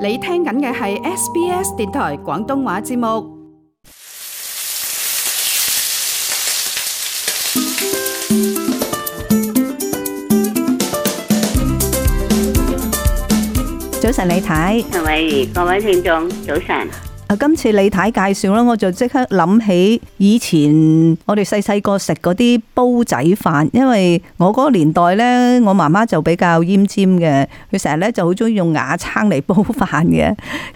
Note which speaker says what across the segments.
Speaker 1: 你聽緊嘅係 SBS 電台廣東話節目。早晨，李太。
Speaker 2: 各位、各位聽眾，早晨。
Speaker 1: 今次李太介紹啦，我就即刻諗起以前我哋細細個食嗰啲煲仔飯，因為我嗰個年代呢，我媽媽就比較奄尖嘅，佢成日呢就好中意用瓦罉嚟煲飯嘅。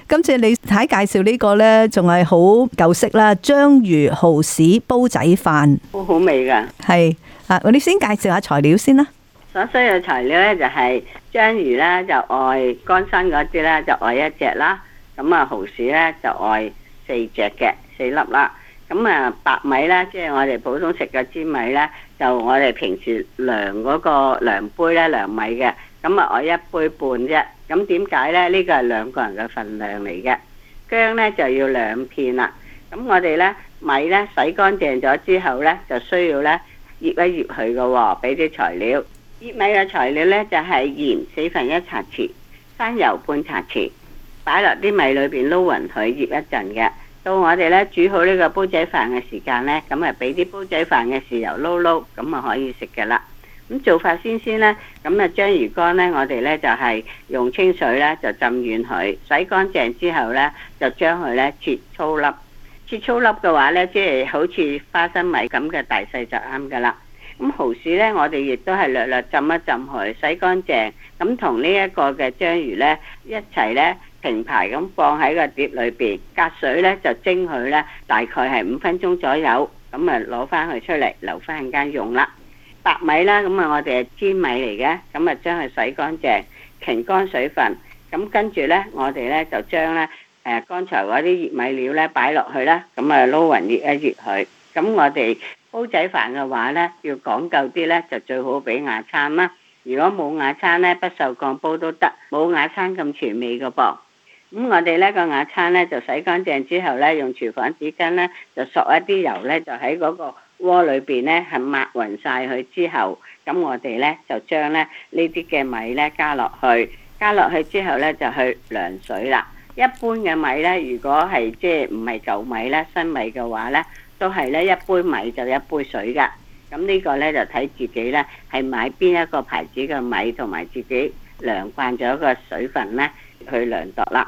Speaker 1: 今次李太介紹呢個呢，仲係好舊式啦，章魚蠔豉煲仔飯，
Speaker 2: 好好味噶。
Speaker 1: 係啊，我哋先介紹下材料先啦。
Speaker 2: 所需嘅材料呢就係章魚呢就愛乾身嗰啲呢就愛一隻啦。咁啊、嗯，蠔豉咧就愛四隻嘅，四粒啦。咁、嗯、啊，白米咧，即係我哋普通食嘅蒸米咧，就我哋平時量嗰個量杯咧量米嘅。咁、嗯、啊，我一杯半啫。咁點解咧？呢、這個係兩個人嘅份量嚟嘅。薑咧就要兩片啦。咁、嗯、我哋咧米咧洗乾淨咗之後咧，就需要咧醃一醃佢嘅喎，俾啲材料。醃米嘅材料咧就係、是、鹽四分一茶匙，生油半茶匙。擺落啲米裏邊撈勻佢，醃一陣嘅。到我哋呢煮好呢個煲仔飯嘅時間呢，咁啊俾啲煲仔飯嘅豉油撈撈，咁啊可以食嘅啦。咁做法先先呢，咁啊章魚乾呢，我哋呢就係用清水呢，就浸軟佢，洗乾淨之後呢，就將佢呢切粗粒。切粗粒嘅話呢，即係好似花生米咁嘅大細就啱嘅啦。咁蠔豉呢，我哋亦都係略略浸一浸佢，洗乾淨，咁同呢一個嘅章魚呢一齊呢。平排咁放喺個碟裏邊，隔水咧就蒸佢咧，大概係五分鐘左右，咁啊攞翻佢出嚟，留翻間用啦。白米啦，咁啊我哋係糙米嚟嘅，咁啊將佢洗乾淨，擎乾水分，咁跟住咧我哋咧就將咧誒剛才嗰啲熱米料咧擺落去啦，咁啊撈勻熱一熱佢。咁我哋煲仔飯嘅話咧，要講究啲咧，就最好俾瓦罉啦。如果冇瓦罉咧，不鏽鋼煲都得，冇瓦罉咁全味嘅噃。咁我哋呢個瓦餐呢，就洗乾淨之後呢，用廚房紙巾呢，就索一啲油呢，就喺嗰個鍋裏邊呢係抹勻晒佢之後，咁我哋呢，就將呢呢啲嘅米呢，加落去，加落去之後呢，就去量水啦。一般嘅米呢，如果係即係唔係舊米呢，新米嘅話呢，都係呢一杯米就一杯水㗎。咁呢個呢，就睇自己呢，係買邊一個牌子嘅米，同埋自己量慣咗個水分呢，去量度啦。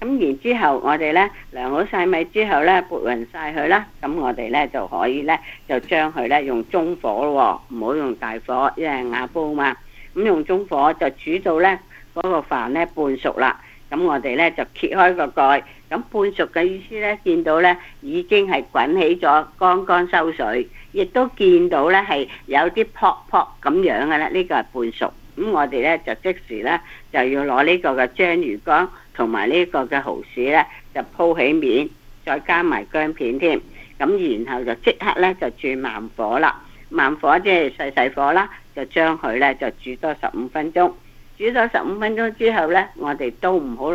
Speaker 2: 咁然之後，我哋呢，量好曬米之後呢，撥勻晒佢啦。咁我哋呢，就可以呢，就將佢呢用中火喎、哦，唔好用大火，因為瓦煲嘛。咁用中火就煮到呢嗰、那個飯呢半熟啦。咁我哋呢，就揭開個蓋。咁半熟嘅意思呢，見到呢已經係滾起咗，剛剛收水，亦都見到呢係有啲撲撲咁樣嘅啦。呢、這個係半熟。咁我哋呢，就即時呢，就要攞呢個嘅章魚乾同埋呢個嘅蠔豉呢，就鋪起面，再加埋薑片添。咁然後就即刻呢，就轉慢火啦，慢火即係細細火啦，就將、是、佢呢，就煮多十五分鐘。煮咗十五分鐘之後呢，我哋都唔好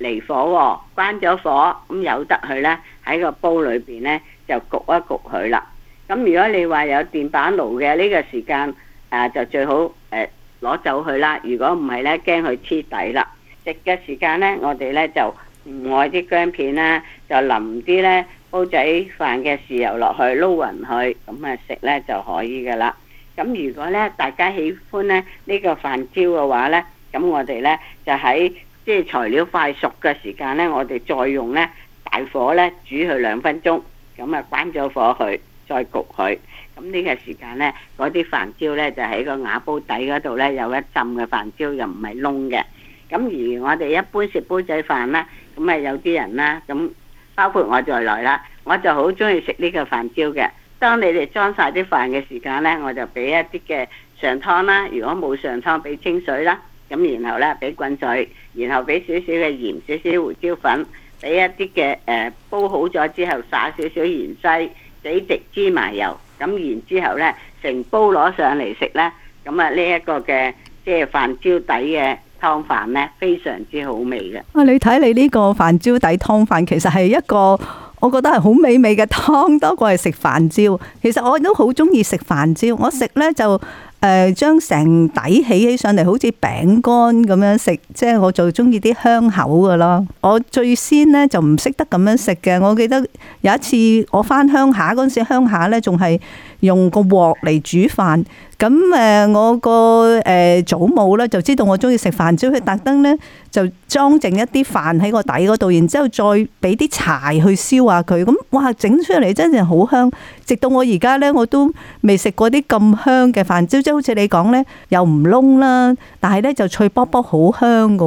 Speaker 2: 離火喎、哦，關咗火。咁由得佢呢，喺個煲裏邊呢，就焗一焗佢啦。咁如果你話有電板爐嘅呢個時間，啊、呃、就最好誒。呃攞走佢啦，如果唔係呢，驚佢黐底啦。食嘅時間呢，我哋呢就唔愛啲薑片啦，就淋啲呢煲仔飯嘅豉油落去，撈勻佢，咁啊食呢就可以噶啦。咁如果呢，大家喜歡呢呢個飯焦嘅話呢，咁我哋呢就喺即係材料快熟嘅時間呢，我哋再用呢大火呢煮佢兩分鐘，咁啊關咗火去。再焗佢，咁呢個時間呢，嗰啲飯焦呢就喺個瓦煲底嗰度呢，有一浸嘅飯焦，又唔係燶嘅。咁而我哋一般食煲仔飯咧，咁咪有啲人啦，咁包括我在內啦，我就好中意食呢個飯焦嘅。當你哋裝晒啲飯嘅時間呢，我就俾一啲嘅上湯啦。如果冇上湯，俾清水啦。咁然後呢俾滾水，然後俾少少嘅鹽，少少胡椒粉，俾一啲嘅誒煲好咗之後，撒少少芫荽。幾滴芝麻油，咁然之後呢，成煲攞上嚟食呢。咁啊呢一個嘅即係飯焦底嘅湯飯呢，非常之好味嘅。啊，
Speaker 1: 你睇你呢個飯焦底湯飯，其實係一個我覺得係好美味嘅湯，多過係食飯焦。其實我都好中意食飯焦，我食呢就。嗯誒將成底起起上嚟，好似餅乾咁樣食，即係我就中意啲香口嘅啦。我最先呢就唔識得咁樣食嘅。我記得有一次我翻鄉下嗰陣時，鄉下呢仲係用個鑊嚟煮飯。咁誒，我個誒祖母呢就知道我中意食飯，所以特登呢就裝剩一啲飯喺個底嗰度，然之後再俾啲柴去燒下佢咁。哇！整出嚟真係好香，直到我而家咧，我都未食過啲咁香嘅飯。即即好似你講咧，又唔燶啦，但係咧就脆卜卜，好香噶。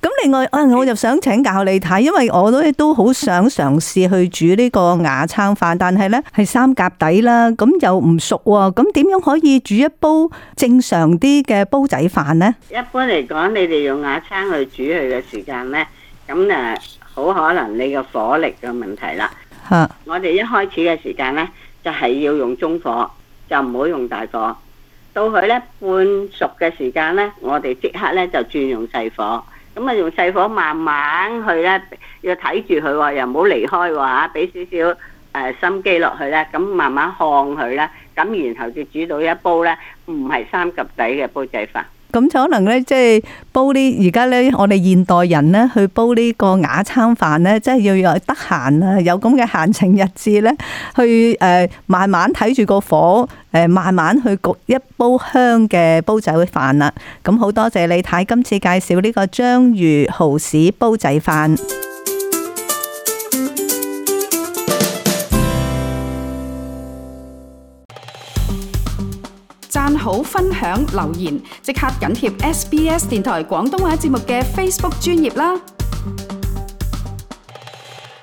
Speaker 1: 咁另外，誒，我就想請教你睇，因為我都都好想嘗試去煮呢個瓦罉飯，但係咧係三夾底啦，咁又唔熟，咁點樣可以煮一煲正常啲嘅煲仔飯咧？
Speaker 2: 一般嚟講，你哋用瓦罉去煮佢嘅時間咧，咁誒，好可能你個火力嘅問題啦。 我哋一開始嘅時間呢，就係要用中火，就唔好用大火。到佢呢半熟嘅時間呢，我哋即刻呢就轉用細火。咁啊用細火慢慢去呢，要睇住佢，又唔好離開吓，俾少少誒心機落去呢。咁慢慢烘佢呢。咁然後就煮到一煲呢，唔係三及底嘅煲仔飯。
Speaker 1: 咁可能咧，即係煲呢，而家咧，我哋現代人咧，去煲呢個瓦罉飯咧，即係要有得閒啊，有咁嘅閒情逸致咧，去誒慢慢睇住個火，誒慢慢去焗一煲香嘅煲仔飯啦。咁好多謝你睇今次介紹呢個章魚蠔豉煲仔飯。讚好分享留言，即刻緊貼 SBS 電台廣東話節目嘅 Facebook 專頁啦！